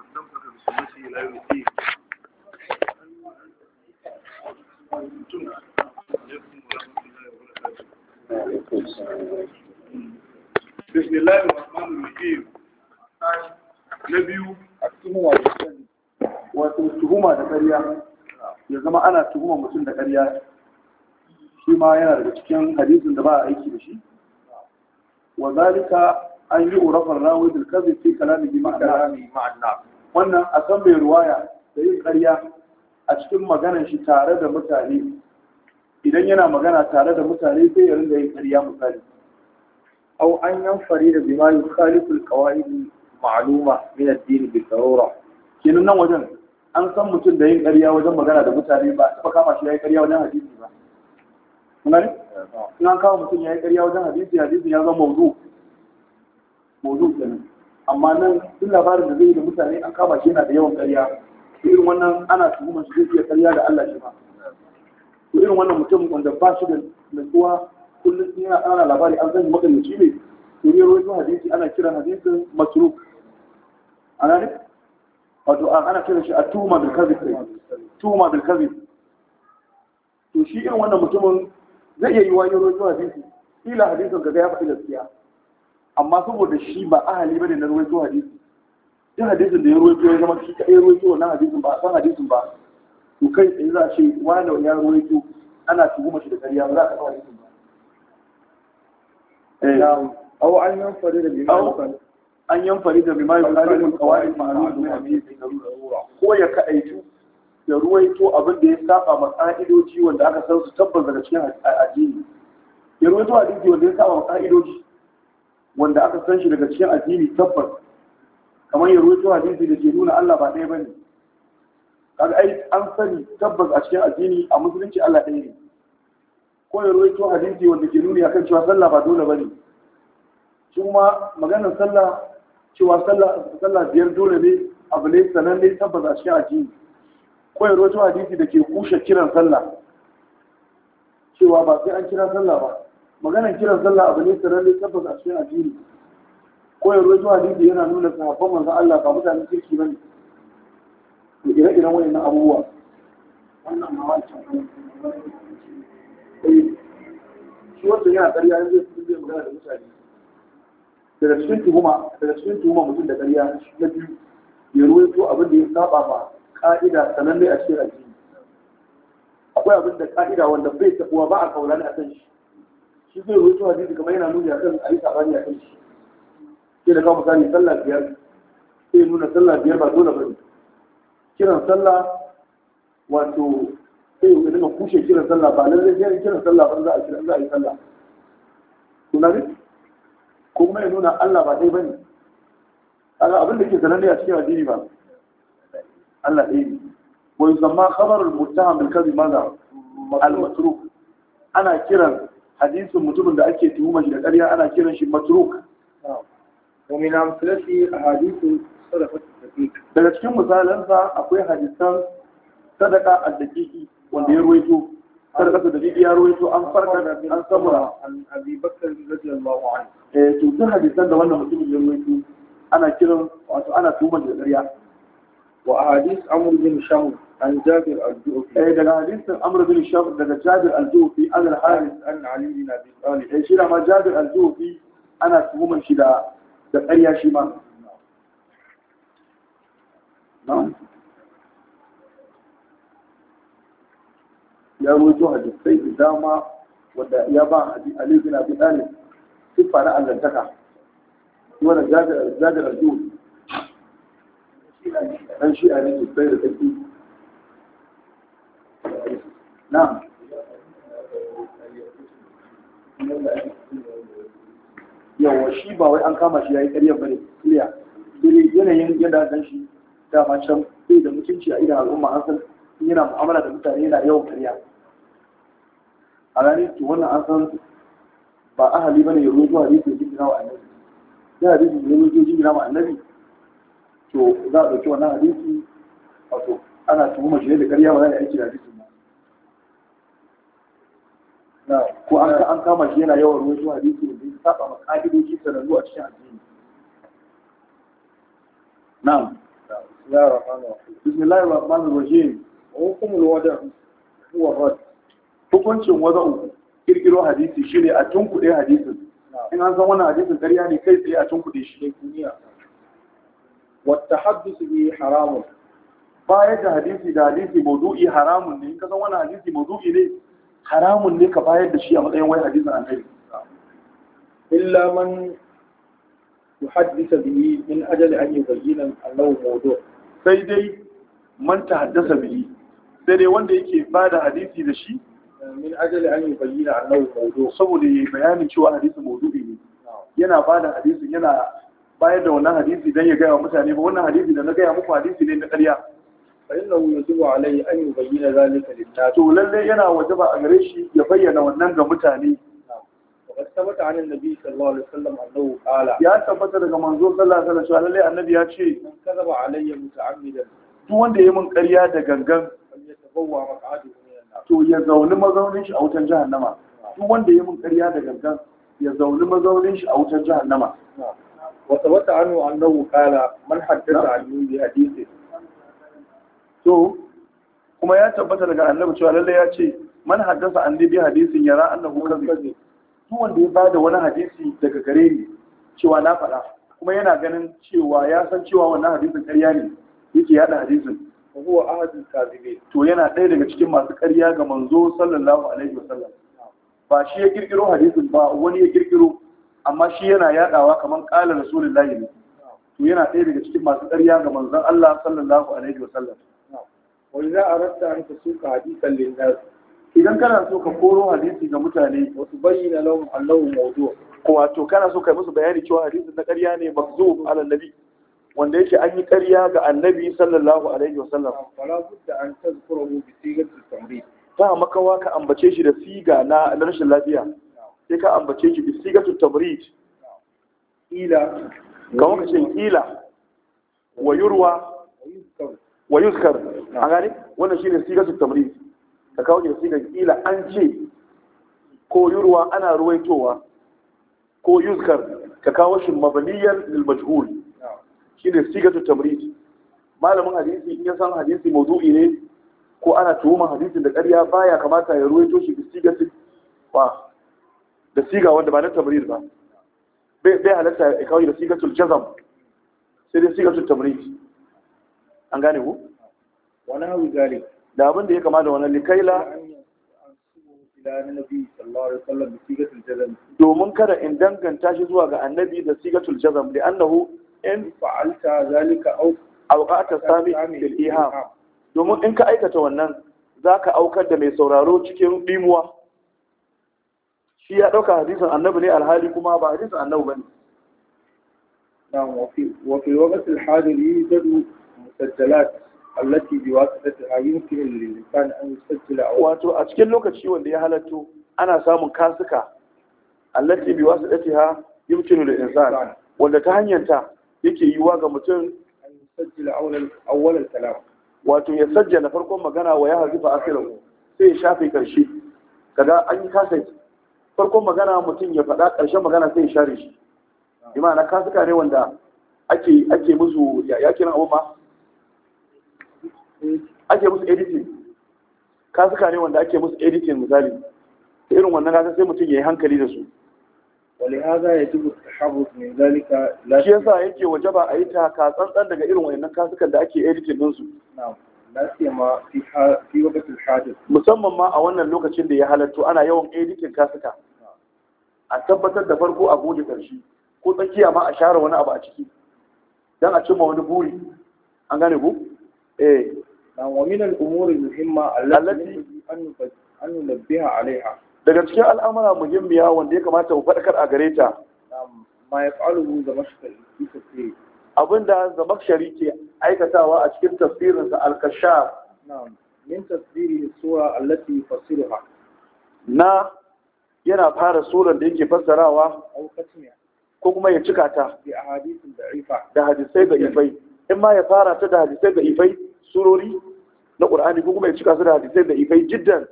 واستمسك بسنته الى يوم الدين بسم الله الرحمن الرحيم نبي التهمة والتهمة التهمة ya zama ana tuhuma mutum da ƙarya shi ma yana daga cikin hadisin da ba a aiki da shi wa zalika an yi urafar rawi bil kadhib fi kalamihi ma'ana wannan a san mai ruwaya da yin karya a cikin maganar shi tare da mutane idan yana magana tare da mutane sai ya rinda yin karya, misali au an fari da bima yukhalifu alqawaid ma'luma min ad-din bi darura kenan nan wajen an san mutum da yin ƙarya wajen magana da mutane ba a kama shi yayi ƙarya wajen hadisi ba kuna ne in an kama mutum yayi ƙarya wajen hadisi hadisi ya zama mawdu mawdu kenan amma nan duk labarin da zai yi da mutane an kama shi yana da yawan karya irin wannan ana tuhumar shi zai karya da Allah shi ba irin wannan mutum wanda ba shi da nutsuwa kullum sun yana ƙara labari an maka maganyaci ne to ne zuwa hadisi ana kira hadisin matruk ana ne wato ana kiran shi a tuhuma bil kazi tuhuma bil kazi to shi irin wannan mutumin zai iya yi wani ruwan hadisi ila hadisin gaga ya faɗi gaskiya amma saboda shi ba ahali bane na ruwaito hadisi duk hadisin da ya ruwaito ya zama shi kaɗai ruwaito wannan hadisin ba san hadisin ba to kai tsaye za a ce wani ya ruwaito ana tuhuma shi da ƙarya ba za a taɓa hadisin ba أو eh. أن da بما يخالف da ينفرد بما da القواعد المعلومة da ruwa. يكأيتو ya ruwaito abin da ya saba ma ka'idoji wanda aka san su tabbas daga cikin addini ya ruwaito addini wanda ya saba ma ka'idoji wanda aka san shi daga cikin addini tabbas kamar yaro to hadisi da ke nuna Allah ba ɗaya bane kaga ai an sani tabbas a cikin addini a musulunci Allah ɗaya ne ko yaro to hadisi wanda ke nuni akan cewa sallah ba dole bane shi kuma maganar sallah cewa sallah biyar dole ne abu ne ne tabbas a cikin addini ko yaro to hadisi da ke kushe kiran sallah cewa ba sai an kira sallah ba maganar kiran sallah abu ne sirrin tabbas a cikin addini koyar ya rojo hadisi yana nuna sahabban manzon Allah ba mutanen kirki bane da ire-iren wayannan abubuwa wannan ma wancan eh, shi wancan yana ƙarya yanzu sun zai magana da mutane daga cikin tuhuma daga cikin tuhuma mutum da ƙarya na biyu ya ruwaito abin da ya saba ma ka'ida sananne a cikin addini akwai abin da ka'ida wanda bai tabuwa ba a kaulani a kan shi shi zai rubuta hadisi kamar yana nuni akan a yi sabani kan shi sai da kawo misali sallah biyar sai nuna sallah biyar ba dole ba ne kiran sallah wato sai yau dinga kushe kiran sallah ba lallai sai kiran sallah ba za a kiran za a yi sallah kuna ne ko kuma ya nuna Allah ba dai ne. kaga abin da ke sananne a cikin addini ba Allah dai ne wa yusamma khabar al-muttaham bil maza, al-matruk ana kiran hadisin mutumin da ake tuhumar shi da ƙarya ana kiran shi matruk ومن أمثلته أحاديث صدقة الدقيق daga cikin misalansa akwai hadisan sadaka a daqiqi wanda ya ruwaito sadaka al-daqiqi ya ruwaito an farka an samura an Abi Bakr radiyallahu anhu eh to duk hadisan da wannan mutumin ya ruwaito ana kiran wato ana tuhumar da ƙarya وأحاديث أمر بن شمر عن جابر الجوفي أي ده الحديث أمر بن شمر ده جابر الجوفي أن الحارث أن علي بن أبي طالب أي شيء جابر الجوفي أنا سمو من شدا ده أي شيء ما نعم يا وجوه السيد داما وده يا با علي بن أبي طالب سبحان الله تكا ولا جابر جابر الجوفي dan shi a ne sosai da tsaki na yawa shi ba wai an kama shi ya yi ƙaryar bane kiliya sai yanayin yadda an san shi dama can sai da mutunci a idan al'umma an san yana mu'amala da mutane yana yawan ƙarya a ranar to wannan an san ba ahali ne ya rubuta hadisi ya jingina wa annabi ya hadisi ya rubuta jingina wa annabi to za a ɗauki wannan hadisi wato ana tuhuma shi da ƙarya ba za a aiki da hadisin ba na ko an kama shi yana yawan ruwan zuwa hadisi da zai saba ma ƙa'idoji sanannu a cikin addini na'am bismillahir rahmanir rahim hukumul wada huwa rad hukuncin wada'u kirkiro hadisi shine a tunkuɗe hadisin in an san wannan hadisin ƙarya ne kai tsaye a tunkuɗe shi ne duniya wata haddusu ne haramun bayar da hadisi da hadisi maudu'i haramun ne in ka san wani hadisi maudu'i ne haramun ne ka bayar da shi a matsayin wai hadisin annabi illa man yuhaddisa bihi min ajali an yubayyana annahu mawdu' sai dai man tahaddasa bihi sai dai wanda yake ba da hadisi da shi min ajali an yubayyana annahu mawdu' saboda yayi bayanin cewa hadisi maudu'i ne yana ba da hadisin yana bayar da wannan hadisi don ya gaya wa mutane ba wannan hadisi da na gaya muku hadisi ne na ƙarya fa innahu yajibu alayhi an yi bayyana zalika lin-nas to lalle yana wajaba a gare shi ya bayyana wannan ga mutane tabbata anan nabi sallallahu alaihi wasallam annahu qala ya tabbata daga manzo sallallahu alaihi wasallam lalle annabi ya ce man kadaba alayya muta'ammidan duk wanda yayi min ƙarya da gangan ya tabawwa maq'adu to ya zauni mazaunin shi a wutar jahannama duk wanda yayi min ƙarya da gangan ya zauni mazaunin shi a wutan jahannama وثبت عنه أنه قال من حدث عني بحديثه so kuma ya tabbata daga annabi cewa lalle ya ce man haddasa an bi hadisin yara annahu kaze su wanda ya bada wani hadisi daga gare ni cewa na faɗa kuma yana ganin cewa ya san cewa wannan hadisin ƙarya ne yake yada hadisin huwa ahadul kazibe to yana ɗaya daga cikin masu ƙarya ga manzo sallallahu alaihi wasallam ba shi ya kirkiro hadisin ba wani ya kirkiro amma shi yana yadawa kamar kalar rasulullahi ne to yana ɗaya daga cikin masu ƙarya ga manzon Allah sallallahu alaihi wasallam wa idza aradta an tasuka hadithan lin nas idan kana so ka koro hadisi ga mutane wasu bayyana lahum allahu mawdu wato kana so kai musu bayani cewa hadisin na ƙarya ne makzub ala nabi wanda yake an yi ƙarya ga annabi sallallahu alaihi wasallam fala budda an tazkurahu bi sigati tamrid ta makawa ka ambace shi da siga na rashin lafiya sai ka ambace shi bi sigatu tamrid ila kamar ka ce ila wa yurwa wa yuskar a gani wannan shine sigatu tamrid ka kawo ne sigar ila an ce ko yurwa ana ruwaitowa ko yuskar ka kawo shi mabaniyar mabaniyan Shi ne shine sigatu tamrid malamin hadisi in ya san hadisi mazu'i ne ko ana tuhuma hadisin da ƙarya baya kamata ya ruwaito shi bi sigatu wa da siga wanda ba na tamrir ba bai halatta ya kawai da sigatul jazam sai dai sigatul tamrir an gane ku wani hau gari da abin da ya kama da wani likaila domin kada in danganta shi zuwa ga annabi da sigatul jazam da annahu in fa'alta zalika auka sami bil iham domin in ka aikata wannan za ka aukar da mai sauraro cikin ɗimuwa. shi ya ɗauka hadisun annabi ne alhali kuma ba hadisun annabi ba ne yin وفي da الوقت الحاضر يوجد مسجلات التي بواسطتها يمكن للإنسان أن يسجل أو واتو أتكلم لوكا شيء وندي هلتو أنا سام كاسكا التي بواسطتها يمكن wanda ولا تهنيتا yake yiwa ga mutum an sajjila awwalal kalam wato ya sajjala farkon magana wa ya harfi asirin sai ya shafe karshe kaga an yi farkon magana mutum ya faɗa ƙarshen magana sai ya share shi bi ma'ana kasuka ne wanda ake ake musu ya kiran abu ba ake musu editing kasuka ne wanda ake musu editing misali irin wannan kasa sai mutum ya yi hankali da su ولهذا يجب التحرز yake wajaba a yi taka tsantsan daga irin wannan kasukan da ake editing din su musamman ma a wannan lokacin da ya halattu ana yawan editing kasuka a tabbatar da farko a goge ƙarshe ko tsakiya ma a share wani abu a ciki don a cimma wani buri an gane ku eh dan wa min umuri muhimma allati an nunabbiha alaiha daga cikin al'amura muhimmiya wanda ya kamata mu fadakar a gare ta ma yaf'aluhu zamashkari abinda zamashkari ke aikatawa a cikin sa al-kashaf na'am min tafsiri sura allati fasiruha na yana fara tsoron da yake fassarawa ko kuma ya cika ta da hadisai da ifai in ma ya fara ta da hadisai da ifai surori na ƙur'ani ko kuma ya cika su da hadisai da ifai jiddan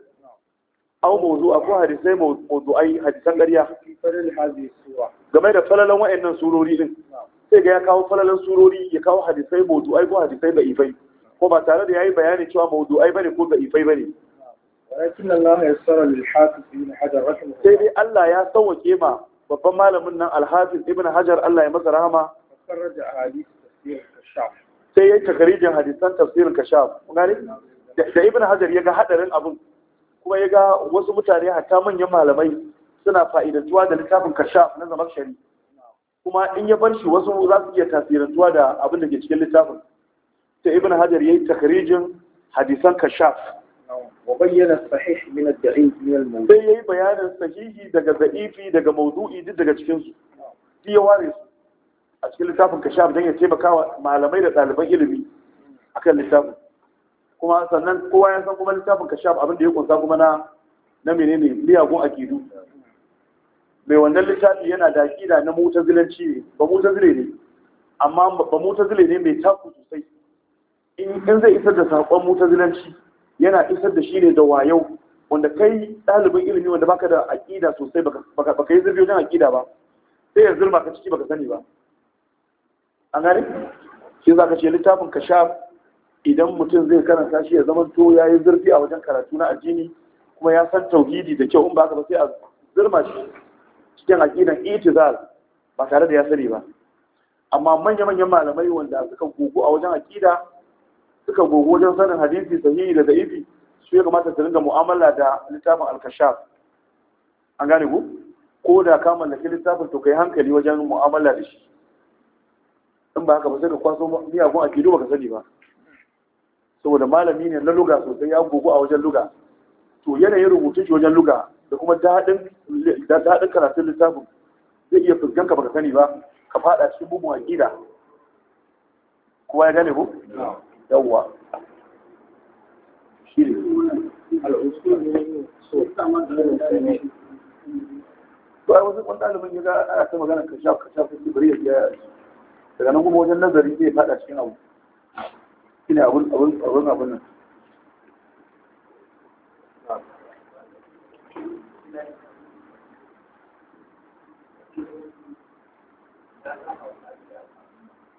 aw a ko hadisai ai hadisan ƙarya game da falalan wa'annan surori din sai ga ya kawo falalan surori ya kawo hadisai ai ko hadisai da ifai ko ba tare da yayi bayani cewa ai bane ko da ifai bane walakin Allah ya tsara lil hafiz ibn hajar sai dai Allah ya sauke ma babban malamin nan Alhafi hafiz ibn hajar Allah ya masa rahama farraja hadith tafsir kashaf sai yayin takarijin hadisan tafsirin kashaf kun gane da ibn hajar ya ga hadarin abin kuma ya ga wasu mutane hatta manyan malamai suna fa'idantuwa da littafin kasha na zamar shari kuma in ya bar shi wasu za su iya tasirantuwa da abin da ke cikin littafin ta ibn ya yi takarijin hadisan kashaf وبين الصحيح من الضعيف من الموضوع sai yayi bayanin sahihi daga da'ifi daga maudu'i duk daga cikin su shi ya ware su a cikin littafin kashaf dan ya taimaka wa malamai da ɗaliban ilimi akan littafin kuma sannan kowa ya san kuma littafin kashaf abin da ya kunsa kuma na na menene miyagun akidu mai wannan littafi yana da akida na mutazilanci ne ba mutazile ne amma ba mutazile ne mai taku sosai in zai isar da saƙon mutazilanci yana isar da shi ne da wayo wanda kai ɗalibin ilimi wanda baka da aƙida sosai baka yi zurfi wajen aƙida ba sai yanzu ba ka ciki baka sani ba an gane shi za ka ce littafin ka sha idan mutum zai karanta shi ya zama to ya yi zurfi a wajen karatu na addini kuma ya san tauhidi da kyau in ba ka ba sai a zurma shi cikin aƙidan itizal ba tare da ya sani ba amma manya-manyan malamai wanda suka gugu a wajen aƙida suka gogo wajen sanin hadisi sahihi da da'ifi su ya kamata su ringa mu'amala da littafin alkashaf an gane ku ko da ka mallaki littafin to kai hankali wajen mu'amala da shi in ba haka ba sai ka kwaso miyagun akidu ka sani ba saboda malami ne na luga sosai ya gogo a wajen luga to yanayin rubutun shi wajen luga da kuma daɗin karatun littafin zai iya fuskanka ba ka sani ba ka faɗa cikin bugun aƙida kowa ya gane ku? yawwa shi ne to ai wasu kwan ɗalibin ya ga ana ta magana ka sha ka sha ka ci bari ya biya daga nan kuma wajen nazari zai faɗa cikin abu shine abun abun abun abun nan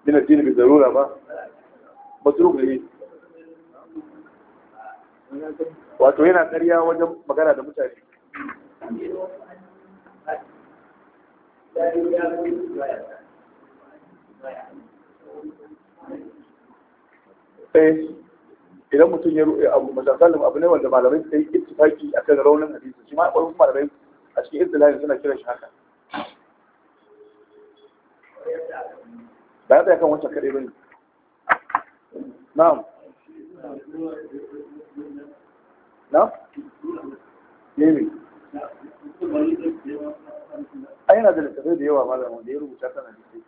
من الدين بالضرورة بقى masruk ne wato yana karya wajen magana da mutane eh idan mutum ya ruɗe abu matakalin abu ne wanda malamai ta yi ittifaki a kan raunin hadisi shi ma ɓarfin malamai a cikin istilahin suna kiran shi haka ba ya tsaya kan wancan kaɗai ba ne نعم نعم جميل أين هذا الاستفادة هو مالا مدير ومشاكنا جديد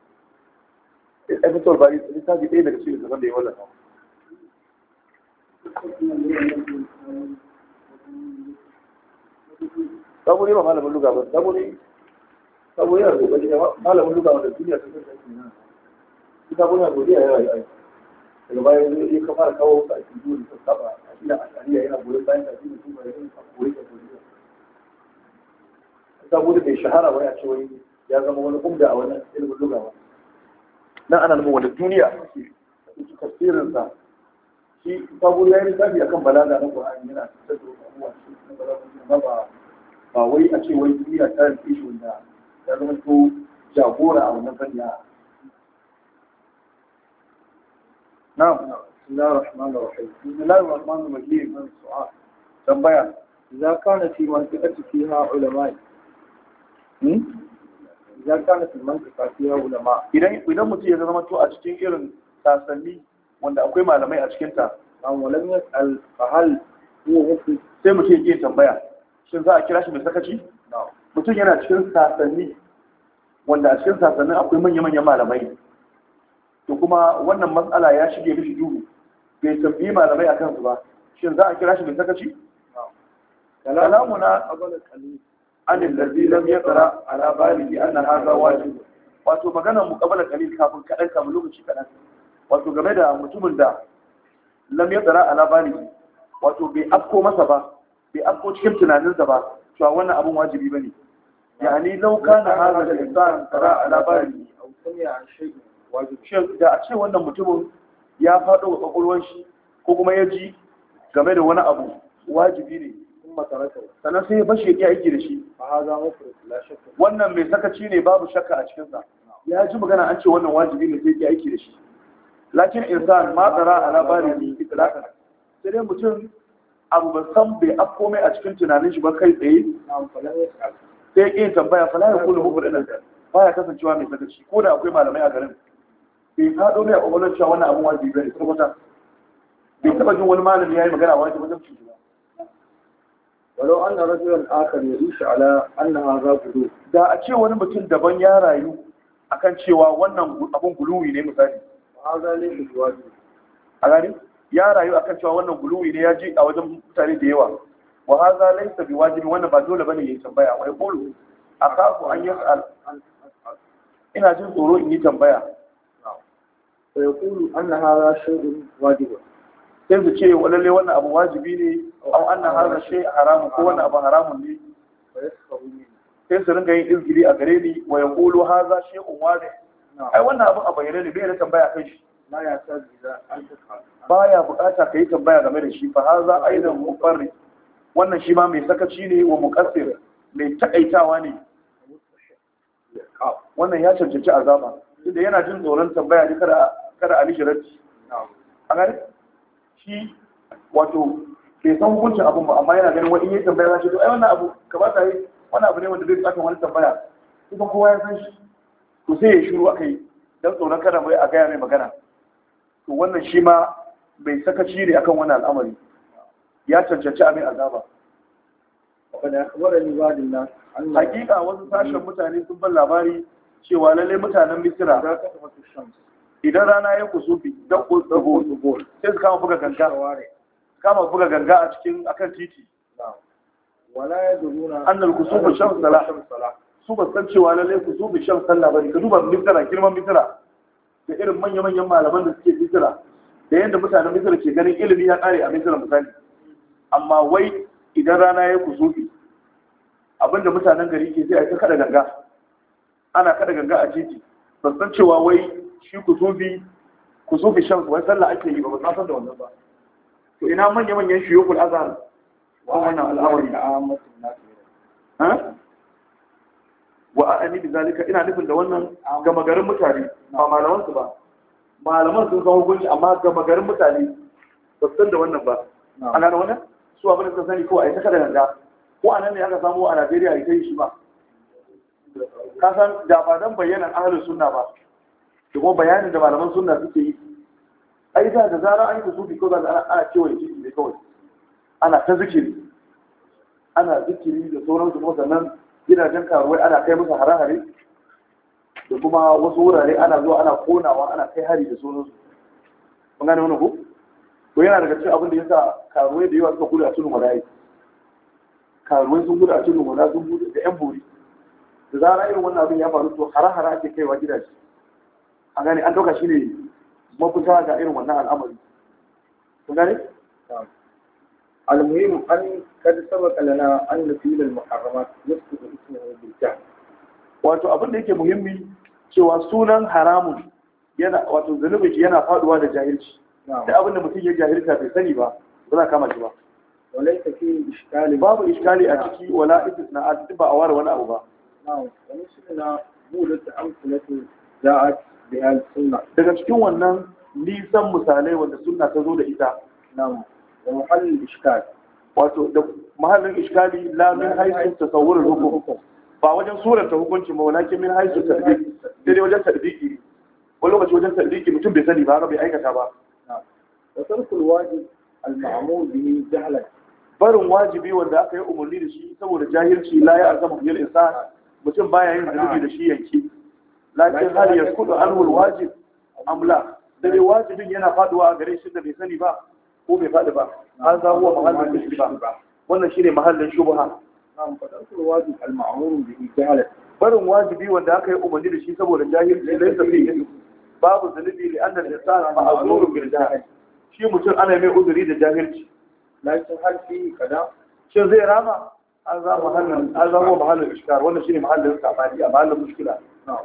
الأفتور إيه، باريس ليس هذه أين الاستفادة الاستفادة ولا نعم تابوني ما مالا مدير ومشاكنا جديد تابوني تابوني مالا مدير ومشاكنا جديد تابوني مالا مدير ومشاكنا جديد daga baya zai ka fara kawo ka a cikin da saba a cikin ashariya yana goyon bayan da cikin tuba yana a koyi da goyi ta gudu bai shahara wani a cewa ya zama wani umda a wannan ilimin lugawa nan ana nufin wani duniya su tafsirinsa shi sabu ya yi lissafi akan balaga na Qur'ani yana fitar da wasu abubuwa shi na balaga amma ba ba wai a ce wai duniya ta rufe shi wanda ya zama to jagora a wannan fanni a na'am بسم الله الرحمن الرحيم بسم الله الرحمن الرحيم من السؤال تنبيا إذا كان في منطقة فيها علماء إذا كان في منطقة فيها علماء إذا إذا ما تو أشتين إيرن تاسمي wanda akwai malamai a cikinta an walam ya alfahal sai mutum ya tambaya shin za a kira shi mai sakaci mutum yana cikin sasanni wanda a cikin sasannin akwai manya malamai to kuma wannan matsala ya shige mishi duhu bai tambayi malamai a kansu ba shin za a kira shi mai sakaci kalamuna an allazi lam yaqra ala balihi anna hadha waje. wato maganar muqabala kalil kafin kaɗan kafin lokaci kaɗan? wato game da mutumin da lam yaqra ala balihi wato bai afko masa ba bai afko cikin tunaninsa ba cewa wannan abun wajibi ba bane yani law kana hadha al tsara a ala balihi aw a shay'an wajibi da a ce wannan mutumin ya faɗo wa kwakwalwar shi ko kuma ya ji game da wani abu wajibi ne in makaranta sannan sai ya bashi ya aiki da shi wannan mai sakaci ne babu shakka a cikinsa ya ji magana an ce wannan wajibi ne sai ya aiki da shi lakin insan ma tsara a labarin ne lakana. sai dai mutum abu ba san bai afko mai a cikin tunanin shi ba kai tsaye sai ya ƙi tambaya fa fala ya kula muku da nan baya kasancewa mai sakaci ko da akwai malamai a garin bai faɗo mai a ƙwaƙwalwar cewa wannan abin wajibi bane kuma kwata bai taɓa jin wani malami ya yi magana wani wajen cuta ba walau an na rajulan akar ya rushe ala an na haza gudu da a ce wani mutum daban ya rayu A kan cewa wannan abin guluwi ne misali haza ne su a gani ya rayu akan cewa wannan guluwi ne ya ji a wajen mutane da yawa wa haza laysa bi wajibi wannan ba dole bane yayi tambaya wai qulu akafu an yas'al ina jin tsoro in yi tambaya fayakulu yaqulu anna hadha shay'un wajib sai su ce walalle wannan abu wajibi ne An anna hadha shay haramun ko wannan abu haramun ne sai su ringa yin izgiri a gare ni wa yaqulu hadha shay'un wajib ai wannan abu a bayyane ne bai da tambaya kai shi baya bukata ka yi tambaya game da shi fa hadha aidan mufarrid wannan shi ma mai sakaci ne wa muqassir mai takaitawa ne wannan ya cancanci azaba da yana jin tsoron tambaya ne kada kada a mishi rabi a gani shi wato bai san hukuncin abun ba amma yana ganin wani yi tambaya zai to ai wannan abu ka ba ta yi wani abu ne wanda zai tsakan wani tambaya kuma kowa ya san shi to sai ya shiru aka yi don tsoron kada mai a gaya mai magana to wannan shi ma bai saka shiri akan wani al'amari ya cancanci abin azaba hakika wasu sashen mutane sun ban labari cewa lallai mutanen misira idan rana ya kusufi dan ko tsago sai su kama buga ganga kama buga ganga a cikin akan titi wala yadruna annal shan shams su ba san cewa lalle kusufu shan sallah bane ka duba mitra girman mitra da irin manya-manyan malaman da suke mitra da yadda mutanen mitra ke ganin ilimi ya kare a mitra misali amma wai idan rana ya kusufi abinda mutanen gari ke sai a ta kada ganga ana kada ganga a titi ba san cewa wai shi zo bi shan wani sallah ake yi ba ba san da wannan ba to ina manya manyan shi shuyukul azhar wa wannan al'amari wa ani bi zalika ina nufin da wannan ga magarin mutane ba malaman su ba malaman sun san hukunci amma ga magarin mutane ba san da wannan ba ana da wannan su abin da suka sani ko a yi ta kada da? ko a nan ne aka samu a Najeriya ita yi shi ba ka san da ba dan bayyana ahlus sunna ba shi kuma bayanin da malaman sunna suke yi ai da da zara, an yi musufi ko da ana kewaye shi ne kawai ana ta zikiri ana zikiri da su kuma sannan gidajen karuwai ana kai musu hare-hare da kuma wasu wurare ana zuwa ana konawa ana kai hari da su kun gane wani ko to yana daga cikin abin da yasa karuwai da yawa suka gudu a tudun wadayi karuwai sun gudu a cikin wadayi sun gudu da yan bori da zarar irin wannan abin ya faru to hare-hare ake kaiwa gidaje a gane an ɗauka shi ne mafita ga irin wannan al'amari kun gane المهم أن قد سبق لنا أن فعل المحرمات يسقط اسمه بالجهل wato abin da yake muhimmi cewa sunan haramun yana wato zunubi yana faduwa da jahilci da abin da mutum ya jahilta bai sani ba ba za kama shi ba walai ta fi iskali babu iskali a ciki wala ibn na ba a ware wani abu ba na'am wani shi na bulata za'a ci daga cikin wannan nisan misalai wanda suna ta zo da ita na muhallin iskali wato da muhallin iskali lamin min ta tasawwurul hukum ba wajen surar ta hukunci ma walakin min haisu ta sai dai wajen tadbiqi wani lokaci wajen tadbiqi mutum bai sani ba ba bai aikata ba wa tarkul wajib al ma'mul bihi jahlan barin wajibi wanda aka yi umarni da shi saboda jahilci la ya arzama biyar insan mutum baya yin zunubi da shi yanki lakin hal ya kudu anhu alwajib amla da wajibin yana faduwa a gare shi da bai sani ba ko bai faɗi ba an za huwa mahallin ba. wannan shine mahallin shubha barin wajibi wanda aka yi umarni da shi saboda jahilci lai tafi babu zunubi da annan da sa ma'azurun bil jahil shi mutum ana mai uzuri da jahilci lakin har fi kada shin zai rama an za mahallin an za huwa mahallin ishkar wannan shine mahallin sabani a mahallin mushkila na'am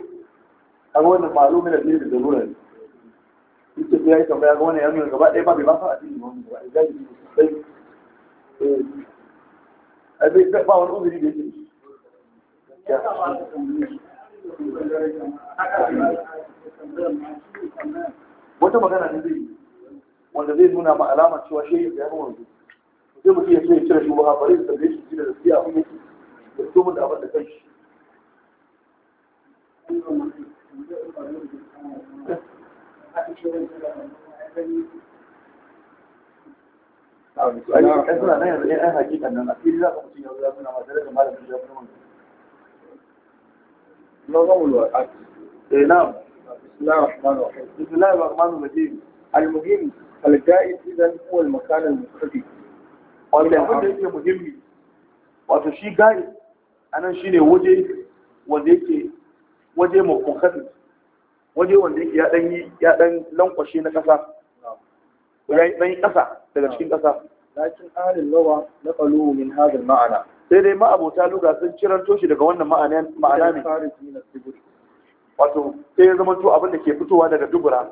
kaga wannan malu min addini da zarura ne yake da yayi tambaya ga wannan yanzu gaba ɗaya ba bai ba fa addini ba wannan gaba ɗaya sai eh ai ba wani uzuri da yake wata magana ne zai wanda zai nuna ma alama cewa shi ya yi wanzu zai mutum ya so ya cire shi ba bare da tambaye shi da gaskiya abin yake da mutumin da abin da kai shi suna nan yanzu ɗan za المهم الجائز إذا هو المكان المختفي wanda abin da muhimmi wato shi anan shine waje yake waje mafukasi waje wanda yake ya dan ya dan lankwashe na kasa ya yi dan kasa daga cikin kasa lakin alil lawa naqalu min hadha al ma'ana sai dai ma'abota luga sun ciranto shi daga wannan ma'ana ma'ana ne wato sai ya zama to abin da ke fitowa daga dubura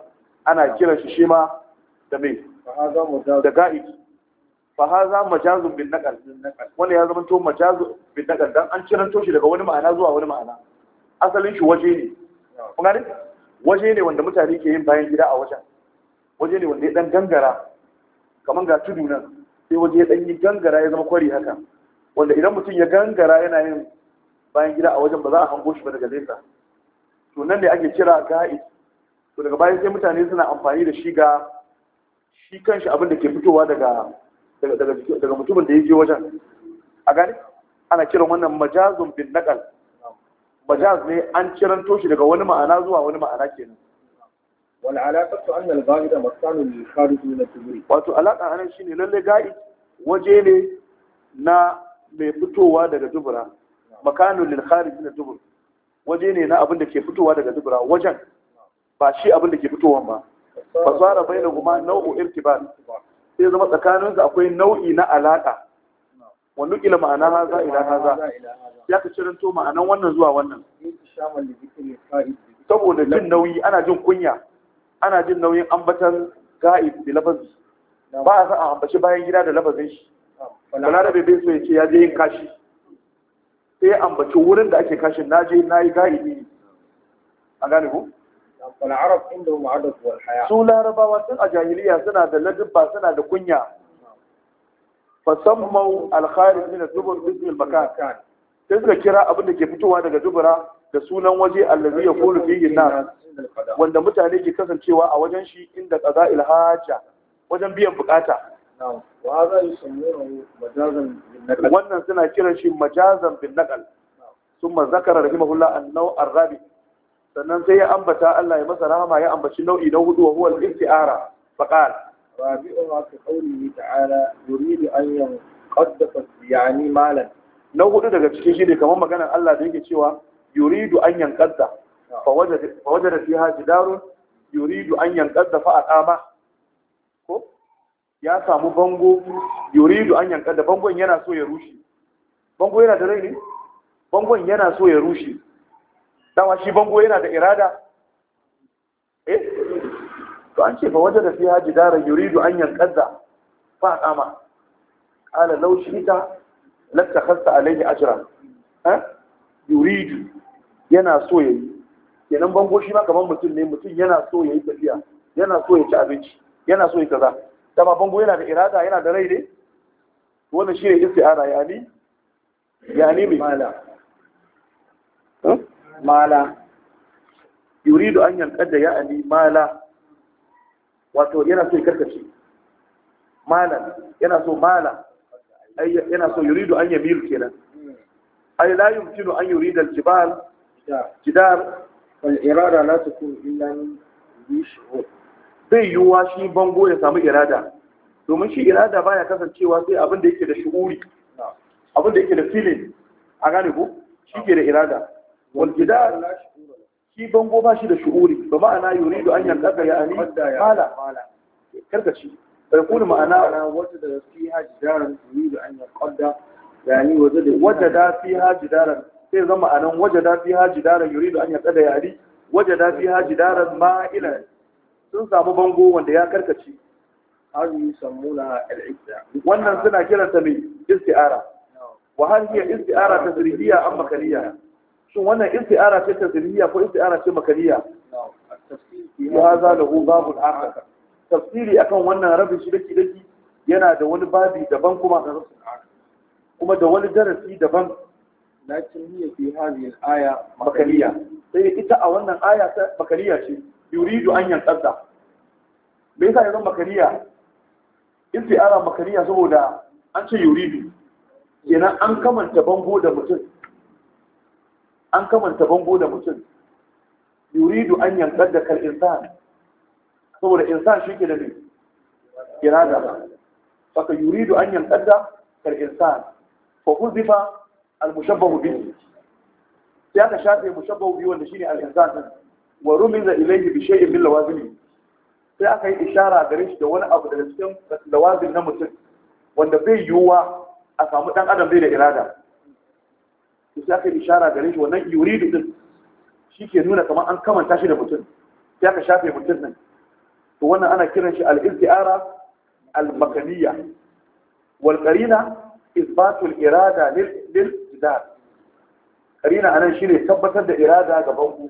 ana kiran shi shi ma da mai da ga'id fa haza majazun bin naqal wannan ya zama to majazun bin naqal dan an ciranto shi daga wani ma'ana zuwa wani ma'ana asalin shi waje ne kun waje ne wanda mutane ke yin bayan gida a wajen waje ne wanda ya dan gangara kamar ga tudu nan sai waje ya dan yi gangara ya zama kwari haka wanda idan mutum ya gangara yana yin bayan gida a wajen ba za a hango shi ba daga nesa to nan ne ake kira ga'i to daga bayan sai mutane suna amfani da shi ga shi kanshi abin da ke fitowa daga daga mutumin da ya je wajen a gani ana kiran wannan majazun bin naqal majaz ne an ciranto shi daga wani ma'ana zuwa wani ma'ana kenan wal alaqatu anna al ghaida makanu lil kharij min al wato alaqa shi shine lalle ga'id waje ne na mai fitowa daga dubura makanu lil kharij min al waje ne na abin da ke fitowa daga dubura wajen ba shi abin da ke fitowa ba fasara bainahuma nau'u irtibat sai zama tsakaninsu akwai nau'i na alaƙa. wannan ila ma'ana haza ila haza ya ka ciranto ma'anan wannan zuwa wannan saboda jin nauyi ana jin kunya ana jin nauyin ambatan ga'ib da lafazi ba a sa a ambaci bayan gida da lafazin shi da ah, bebe so ya ce ya je yin kashi sai ambaci wurin da ake kashin na je na yi ga'ibi ne a gane ku su larabawa sun a jahiliya suna da ladubba suna da kunya fasammau alkharij min ad-dubur bismi al-makan sai suka kira abin da ke fitowa daga dubura da sunan waje allazi yaqulu fihi an-nas wanda mutane ke kasancewa a wajen shi inda qada'il haja wajen biyan bukata wannan suna kiran shi majazan bin naqal thumma zakara rahimahullah an-naw' ar-rabi sannan sai ya ambata Allah ya masa rahama ya ambaci nau'i na hudu wa huwa al-isti'ara faqala رابعها قوله تعالى يريد أن ينقض يعني مالا na hudu daga cikin shi ne kamar magana Allah da yake cewa yuridu an yankadda fa wajada fiha jidarun yuridu an yankadda fa aqama ko ya samu bango yuridu an bangon yana so ya rushe bango yana da rai ne bangon yana so ya rushe bango yana da irada to an ce fa waje da fiha yuri da an yanqadda fa qama qala law shi'ta latakhasta alayhi ajra yuri eh? yuridu yana so ya yi kenan bango shi ma kamar mutum ne mutum yana so ya yi tafiya yana so ya ci abinci yana so ya kaza dama bango yana da irada yana da rai ne wannan shi ne isti'ara yani yani mai mala eh? mala yuri yuridu an ya ya'ani mala wato yana so ya karkace Malam yana so mala yana so yuridu an yamilu kenan ay la yumkinu an yurida al-jibal jidar wal irada la takun illa bi shuhud bai yiwuwa shi bango ya samu irada domin shi irada baya kasancewa sai abin da yake da shuuri abin da yake da feeling a gane ko shi ke da irada wal jidar shi bango ba shi da shuuri ba ma'ana yuridu an yanka ya ani mala karkaci فيقول معنا وجد فيها جدارا يريد أن يقضى يعني وجد وجد فيها جدارا sai zama a nan wajada fi haji daren yuridu an ya tsada yari wajada fi haji daren ma'ila sun samu bango wanda ya karkace hazi sammuna al'ibda wannan suna kiranta mai isti'ara wa har hiya isti'ara ta zirhiya an makaliya. shin wannan isti'ara ce ta zirhiya ko isti'ara ce makaliya? fi hadha lahu babul akhar tafsiri akan wannan rabin shi dake dake yana da wani babi daban kuma da rasul kuma da wani darasi daban Na hiya fi hadhihi al-aya makaliya sai ita a wannan aya ta makaliya ce yuridu an yanqadda me yasa yanzu makaliya istiara makaliya saboda an ce yuridu kenan an kamanta bango da mutum an kamanta bango da mutum yuridu an yankar da kal'insan saboda insan shi ke da ne irada ba. saka yuridu an yankar da kal'insan fa huzifa al-mushabbahu bihi sai aka shafe mushabbahu bihi wanda shine al-insan din wa rumiza ilayhi bi shay'in min lawazimi sai aka yi ishara gare shi da wani abu da cikin lawazim na mutum wanda bai yiwuwa a samu dan adam bai da irada sai aka yi ishara gare shi wannan yuridu din shi ke nuna kamar an kamanta shi da mutum Ya ka shafe mutum nan to wannan ana kiran shi al-istiara al-makaniya wal qarina isbatu al-irada lil jidar qarina anan shine tabbatar da irada ga bango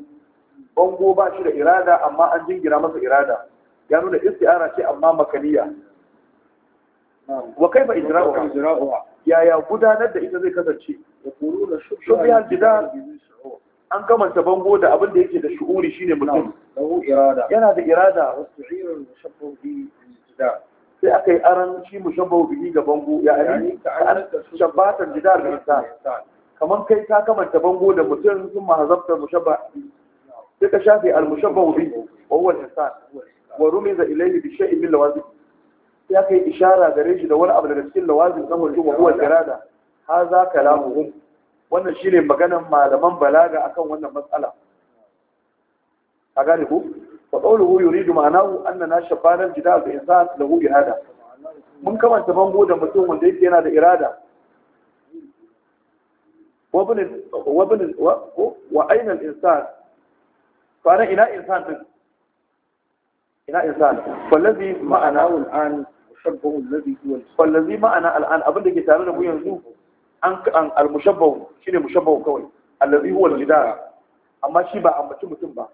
bango ba shi da irada amma an jingira masa irada ya nuna istiara ce amma makaniya wa kaifa ijra'uha yaya gudanar da ita zai kasance yaquluna shubha al-jidar an kamanta bango da abin da yake da shu'uri shine mutum yana da irada sai aka yi aran shi mushabbahu bihi ga bango ya ani shabbatan jidar da insan kaman kai ka kamanta bango da mutum sun mahazabta mushabba sai ka shafe al mushabbahu bihi wa huwa insan wa rumiza ilayhi bi shay'in min lawazim sai aka yi ishara gare shi da wani abu daga cikin lawazim na mutum wa huwa irada hadha kalamuhum wannan shine maganan malaman balaga akan wannan matsala a gane ku fa qawluhu yuridu ma'anahu annana shafanan da bi insan lahu irada mun kamanta bango da mutum wanda yake yana da irada wa insan ina insan din ina insan ma'ana al abinda ke tare da mu yanzu an al-mushabbahu shine mushabbahu kawai allazi huwa al-idara amma shi ba ambaci mutum ba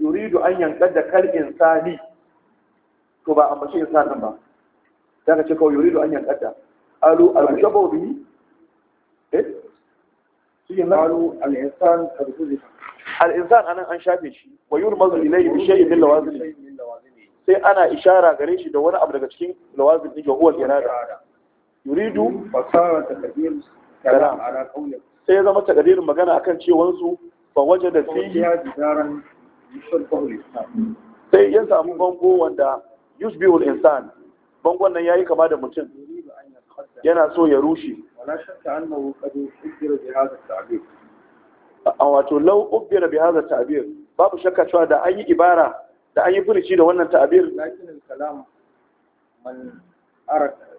yuridu an yankada kal insani to ba ambaci insanin ba daga ce kawai yuridu an yankada alu al-mushabbahu bihi eh shi alu al-insan kadhuzi al-insan anan an shafe shi wa yurmazu ilayhi bi shay'in min lawazimi sai ana ishara gare shi da wani abu daga cikin lawazimi din ga huwa al-irada yuridu fasara taqdir kalam ala qawli sai zama takadirin magana akan cewan su fa wajada fihi jidaran sai ya samu bango wanda yushbihu al-insan bangon nan ya yi kama da mutum yana so ya rushe a wato lau ubbira bi hadha tabir babu shakka cewa da an yi ibara da an yi furici da wannan ta'bir lakin al-kalam man arata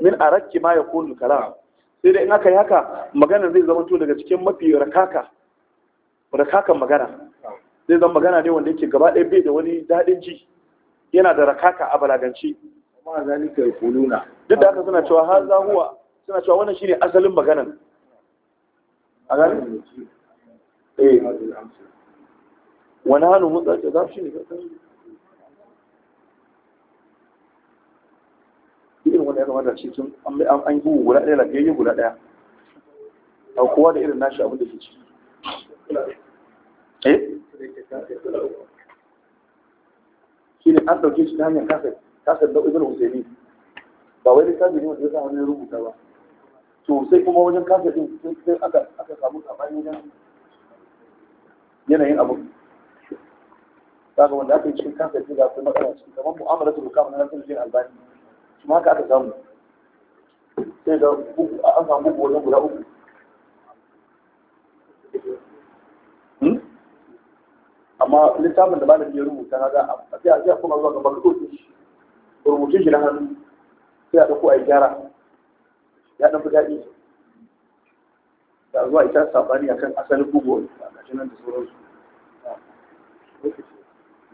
min arakki ma ya kunu kalam sai da in aka yi haka magana zai zama to daga cikin mafi rakaka rakakan magana zai zama magana ne wanda yake gaba ɗaya bai da wani daɗin ji yana da rakaka a balaganci duk da haka suna cewa har za huwa suna cewa wannan shine asalin maganan a gani eh wani hannu mutsa ce za shi ne wanda ya kamata ce sun an yi guda ɗaya lafiyayye guda ɗaya a kowa da irin nashi abin da ke ciki eh shi ne an ɗauke shi ta hanyar kasar kasar da ibn husaini ba wai littafi ne wanda ya sa wani rubuta ba to sai kuma wajen kasar din sai aka aka samu sabani wajen yanayin abu kaga wanda aka yi cikin kasar din ga kuma matsala cikin kamar mu'amalatul hukam na nasir din albani ma ka aka samu sai ga an samu bugu wajen guda uku hmm? amma littafin da malami ya rubuta na ga a sai a kuma zuwa ga bakin shi rubutun shi na hannu sai a ɗauko a yi gyara ya ɗan fi daɗi da zuwa ita saɓani a kan asalin bugu a ƙarshen nan da sauransu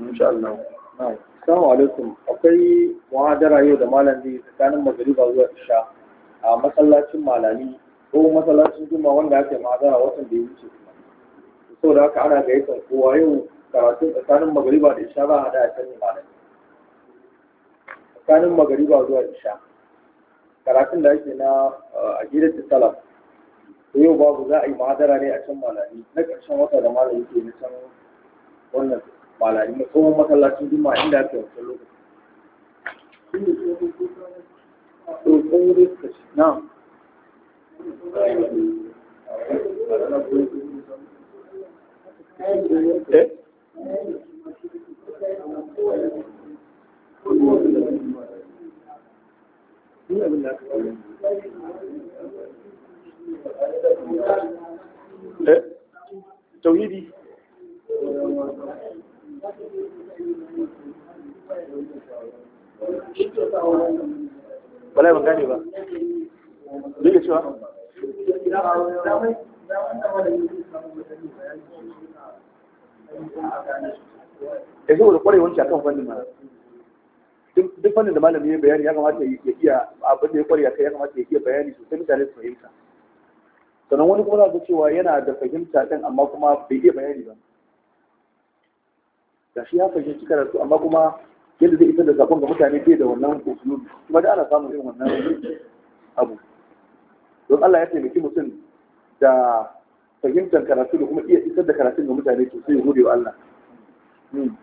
insha Allah na'am Assalamu alaikum akwai muhadara yau da malam zai tsakanin magariba zuwa isha a masallacin malami ko masallacin juma wanda ake yi muhadara watan da ya wuce saboda haka ana yakan kowa yau karatun tsakanin magariba da isha ba hada a can malami tsakanin magariba zuwa isha karatun da ake na eh, a gidan salaf yau babu za a yi muhadara ne a can malami na ƙarshen wata da malami ke na can wannan malari na tsohon masallacin inda lokaci eh? eh? tauhidi wala ban gane ba duk da cewa ya eh, zo da kwarewar shi akan fannin mara? duk fannin da malami ya bayani ya kamata ya iya abin da ya kware kai ya kamata ya iya bayani sosai mutane su fahimta sannan wani kuma za ga cewa yana da fahimta kan, amma kuma bai iya bayani ba gashi ya fahimci karatu amma kuma yadda zai isar da zakon ga mutane bai da wannan usulubi kuma da ana samun irin wannan abu don Allah ya taimaki mutum da fahimtar karatu da kuma iya isar da karatun ga mutane to sai ya gode wa Allah hmm.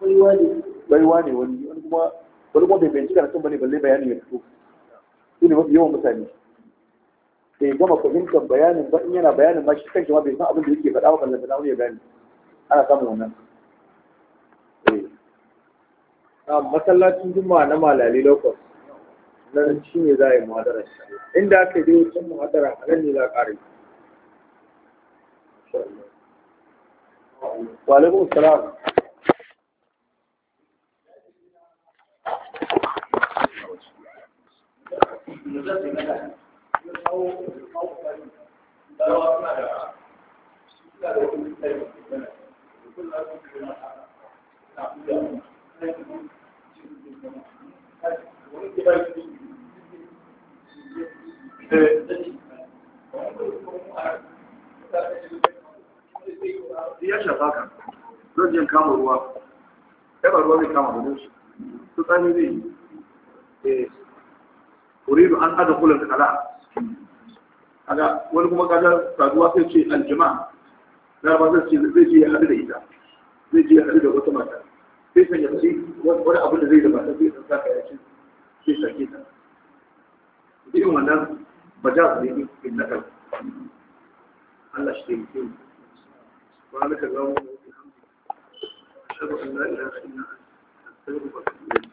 baiwa ne wani wani kuma wani kuma bai bayanci karatun bane balle bayanin ya fito su ne mafi yawan mutane bai gama fahimtar bayanin ba in yana bayanin ma shi shi ma bai san abin da yake faɗa ba na wani ya gani. ana samun wannan masallacin juma'a na malali lokos nan shi ne za a yi muhadara, inda aka yi wucin muhadara a nan ne za a ƙare salam Thank you. ya shafa kan zan jin kama ruwa ɗaba ruwa zai kama gudun shi su tsani zai yi eh. uridu an ada kulan kala kaga wani kuma kaga saduwa sai ce aljima na ba zai ce zai ce ya haɗu da ita zai ce ya haɗu da wata mata sai ka yamci wani abu da zai da ba sai san saka ya ce sai sake ta irin wannan ba za su yi in na kan Allah shi taimake mu ba na ka gawo mu da hamdu shaba Allah ila ina astaghfiruka